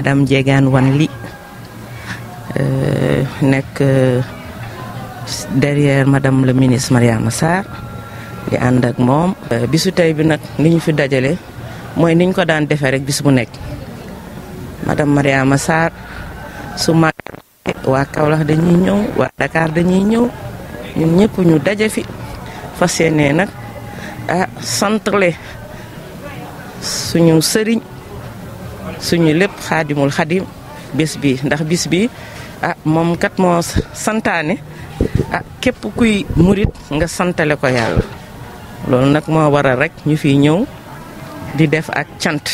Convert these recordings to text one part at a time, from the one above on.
Adam Jegan Wanli, Ly eh, nek derrière madame le ministre Masar. Massar di ya, and ak moom. Eh, bisu tay bi nak li fi dajalé moy niñ ko daan défé rek bis bu nek madame Maria Massar su ma wa Kaolack dañuy ñëw wa Dakar dañuy ñëw ñun ñëpp ñu dajé fi fasiyene nak ah suñu sëriñ. suñu lépp xaadimul xadim bés bi ndax bis bi a ah, moom kat moo santaane ah képp kuy murit nga santale ko yàlla loolu nag moo waral rekk ñu fi ñëw di def ak cant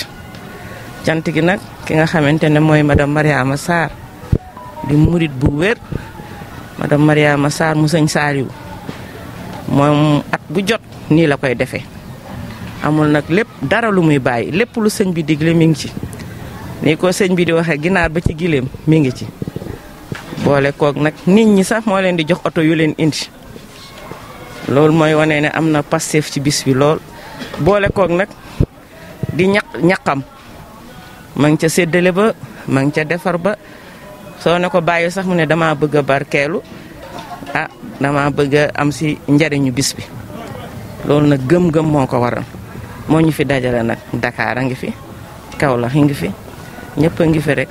cant gi nag ki nga xamante ne mooy madame Mariama Sarr di murit bu wér madame Mariama Sarr mu sëñ Saaliw moom at bu jot nii la koy defee amul nag lépp dara lu muy bàyyi lépp lu sëñ bi digle mi ngi ci ni ko sëñ bi di waxee ginaar ba ci giléem mi ngi ci. boole koog nag nit ñi sax moo leen di jox oto yu leen indi loolu mooy wane ne am na Pastef ci bis bi lool boole koog nag di ñaq ñaqam ma ngi ca séddale ba ma ngi ca defar ba soo ne ko bàyyi sax mu ne dama bëgg a barkeelu a ah, dama bëgg a am si njariñu bis bi loolu nag gëm-gëm moo ko waral moo ñu fi dajale nag Dakar a ngi fi Kaolack a ngi fi ñëpp a ngi fere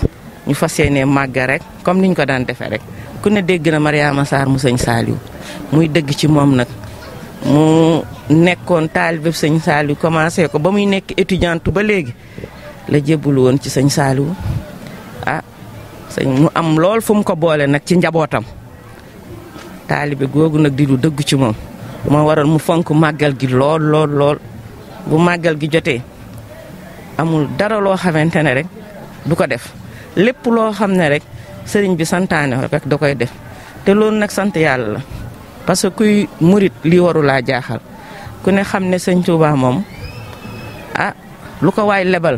ñu fas yéenee màgg rek comme niñ ko daan defee rek ku ne dégg na Mariama saar mu sañ Saliou muy dëgg ci moom nag mu nekkoon taalibe sëñ Saliou commencé ko ba muy nekk étudiante ba léegi la jébbalu woon ci sañ Saliou a ah, sëñ mu am lool fu mu ko boole nag ci njabootam taalibe googu nag di lu dëgg ci moom moo waral mu fonk màggal gi lool lool lool bu màggal gi jotee amul dara loo xamante ne rek. du ko def lépp loo xam ne rek sëriñ bi santaane rek da koy def te loolu nag sant yàlla la parce que kuy murit lii warulaa jaaxal ku ne xam ne sëñ Tuubaa moom ah lu ko waay lebal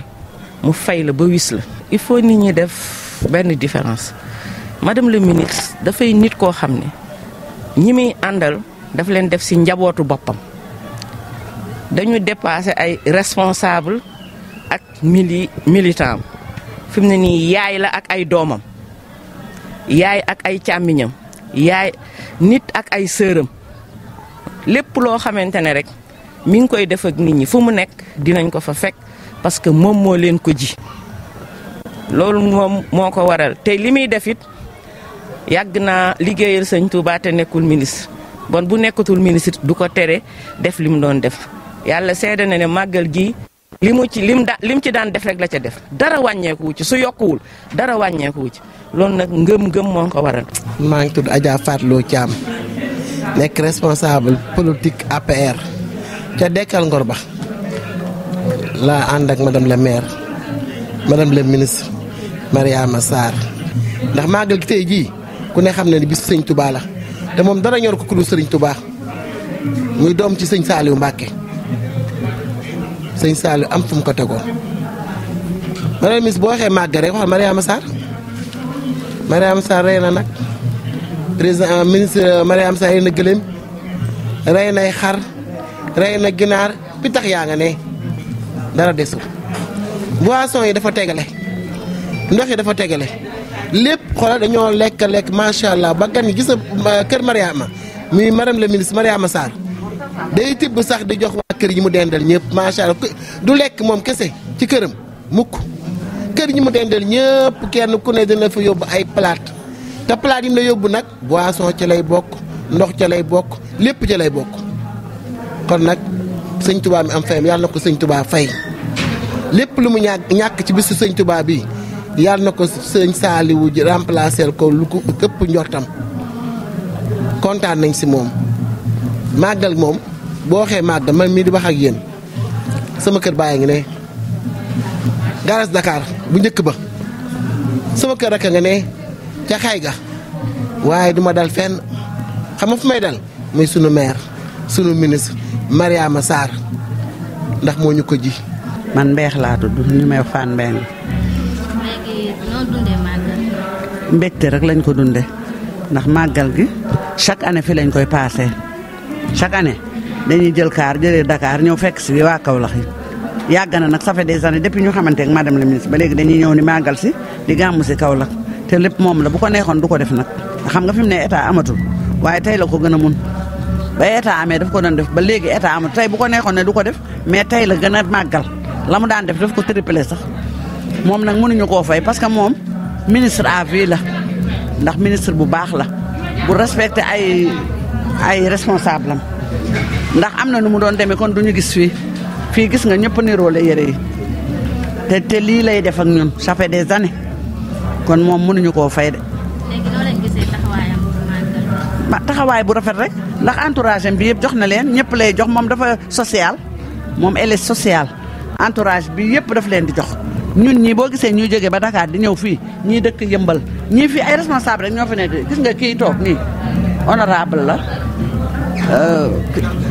mu fay la ba wis la. il faut nit ñi def benn différence madame le ministre dafay nit koo xam ne ñi muy àndal daf leen def si njabootu boppam dañu dépassé ay responsable ak mili fi mu ne nii yaay la ak ay doomam yaay ak ay càmmiñam yaay nit ak ay sëram lépp loo xamante ne rek mi ngi koy def ak nit ñi fu mu nekk dinañ ko fa fekk parce que moom moo leen ko ji loolu moom moo ko waral tey li muy def it yàgg naa liggéeyal sëñ Touba nekkul ministre bon bu nekkatul ministre du ko tere def li mu doon def yàlla seede na ne màggal gi li mu ci lim da lim ci daan defeeg la ca def dara wàññeeku ci su yokkuwul dara wàññeeku ci loolu nag ngëm-ngëm moo ko waral. maa ngi tudd Adja caam Thiam nekk responsable politique APR ca Dekkal Ngor ba laa ànd ak madame la maire madame la ministre Mariama Sarr ndax maa gi tey jii ku ne xam ne ni bis sëñ Touba la te moom dara ñor ko ku dul sëriñ Touba muy doom ci sëñ Saliou Mbacke. sëñ Saliou am fu mu ko tegoon. madame Miss boo waxee màgg rek wax Mariama Sarr Mariama Sarr rey na nag président ministre euh, Mariama Sarr rey na gëléem rey nay xar rey na ginaar bi yaa nga ne dara desul. boisson yi dafa tegale ndox yi dafa tegale lépp xoolal dañoo lekk lekk macha allah ba gan yi gis euh, kër Mariama muy madame la ministre Mariama Sarr day tibb sax di jox. kër gi mu dendal ñëpp macha allah du lekk moom kese ci këram mukk kër yi mu dendal ñëpp kenn ku ne dina fa yóbbu ay palaat te plate yi mu la yóbbu nag boisson ca lay bokk ndox ca lay bokk lépp ca lay bokk kon nag sëñ tubaa mi am fayam yàlla na ko sëñ tubaa fay lépp lu mu ñàkk ñàkk ci bisu sëñ tubaa bi yàlla na ko sëñ saaliwu ji remplacer ko lu ko ëpp njortam kontaan nañ si moom màggal moom boo waxee màgg man mi di wax ak yeen sama keur baye ngi ne garas Dakar bu njëkk ba sama keur rek nga ne ca xay ga waye duma dal fenn xam fu may dal muy sunu maire sunu ministre Mariama sar ndax moo ñu ko ji. man mbeex la tuddu ñu may fan ben mbekté rek lañ ko dundé ndax magal gi chaque année fi lañ koy passé chaque année dañuy jël kaar jëlee Dakar ñëw fekk si waa Kaolack yi yàgg na nag ça fait des années depuis ñu xamante ak dem la ministre ba léegi dañuy ñëw ni màggal si di gàmmu si Kaolack te lépp moom la bu ko neexoon du ko def nag xam nga fi mu ne état amatul waaye tey la ko gën a mun ba état amee daf ko doon def ba léegi état amatul tey bu ko neexoon ne du ko def mais tey la gën a màggal la mu daan def daf ko triplé sax moom nag mënuñu koo fay parce que moom ministre à vie la ndax ministre bu baax la bu respecté ay ay responsable am ndax am na nu mu doon demee kon du ñu gis fii fii gis nga ñëpp niroole yére yi te te lii lay def ak ñun ça fait des années kon moom mënuñu koo fay de. léegi taxawaay bu rafet rek ndax entourage bi yëpp jox na leen ñëpp lay jox moom dafa social moom elle est sociale bi yëpp daf leen di jox. ñun ñii boo gisee ñuy jóge ba Dakar di ñëw fii ñii dëkk yëmbal ñii fii ay responsable rek ñoo fi nekk gis nga kii toog nii honorable la euh,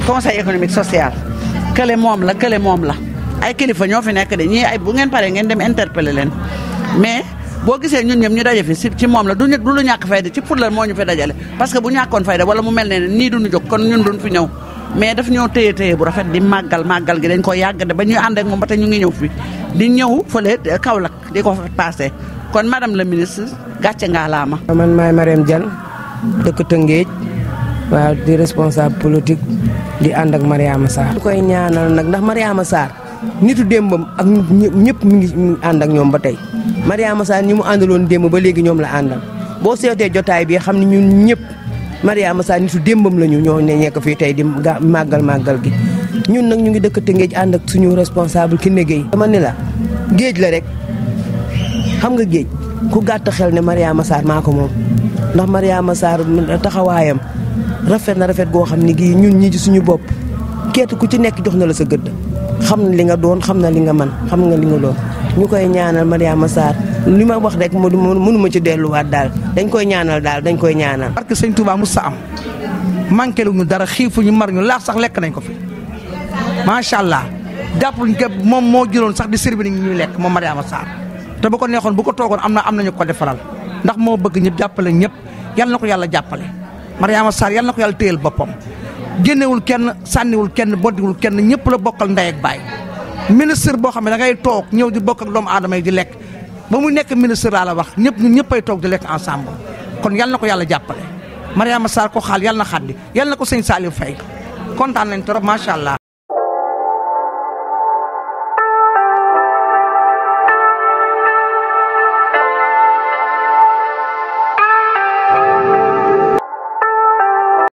conseil économique social kële moom la kële moom la ay kilifa ñoo fi nekk de ñii ay bu ngeen paree ngeen dem interpeller leen mais boo gisee ñun ñëpp ñu daje fi si ci moom la du ñu du lu ñàkk fayda ci Fouta la moo ñu fi dajale parce que bu ñàkkoon fayda wala mu mel ne nii duñu jóg kon ñun duñ fi ñëw mais daf ñoo téye téye bu rafet di màggal màggal gi dañ ko yàgg de ba ñu ànd moom ba ñu ngi ñëw fi di ñëw fële Kaolack di ko fa passé kon madame la ministre gàcce ngaa laa ma man maay Mariam Diane dëkk Tëngéej waaw di responsable politique di ànd ak Mariama Sarr. ñu koy ñaanal nag ndax Mariama Sarr démbam ak ñëpp mi ngi ànd ak ñoom ba tey Mariama Sarr ñi mu àndaloon démb ba léegi ñoom la àndal boo seetee jotaay bi xam ne ñun ñëpp Mariama Sarr nitu démbam la ñu ñoo ñee ko fii tey di màggal màggal gi. ñun nag ñu ngi dëkk Tëngéej ànd ak suñu responsable Kiné Guèye. dama ne la géej la rek xam nga géej ku gàtt xel ne Mariama Sarr maa ko moom ndax Mariama Sarr taxawaayam. rafet na rafet go xamni gi ñun ñi ci suñu bop keetu ku ci nekk jox na la sa gëdd xam li nga doon xam na li nga man xam nga li nga doon ñukoy ñaanal mariama sarr li ma wax rek mu mënuma ci wat dal. dañ koy ñaanal dal dañ koy ñaanal parce que sëñ touba musa am manqué lu ñu dara xifu ñu mar ñu la sax lek nañ ko fi sha allah ke mom mo juroon sax di serbi ñu lek mom moom mariama sarr te bu ko neexon bu ko togon amna amna ñu ko defaral ndax mo bëgg ñëpp jàppale ñëpp yalla nako yalla Mariama Sarr yal na ko yàlla téyel boppam génnewul kenn sànniwul kenn boddiwul kenn ñëpp la bokkal ndey ak baay ministre boo xam ne da ngay toog ñëw di bokk ak doomu aadama yi di lekk ba mu nekk ministre laa la wax ñëpp ñun ñëppay toog di lekk ensemble kon yal na ko yàlla jàppale Mariama Sarr ko xaal yal na xaddi yal na ko sëñ saali fay kontaan nañ trop macha allah.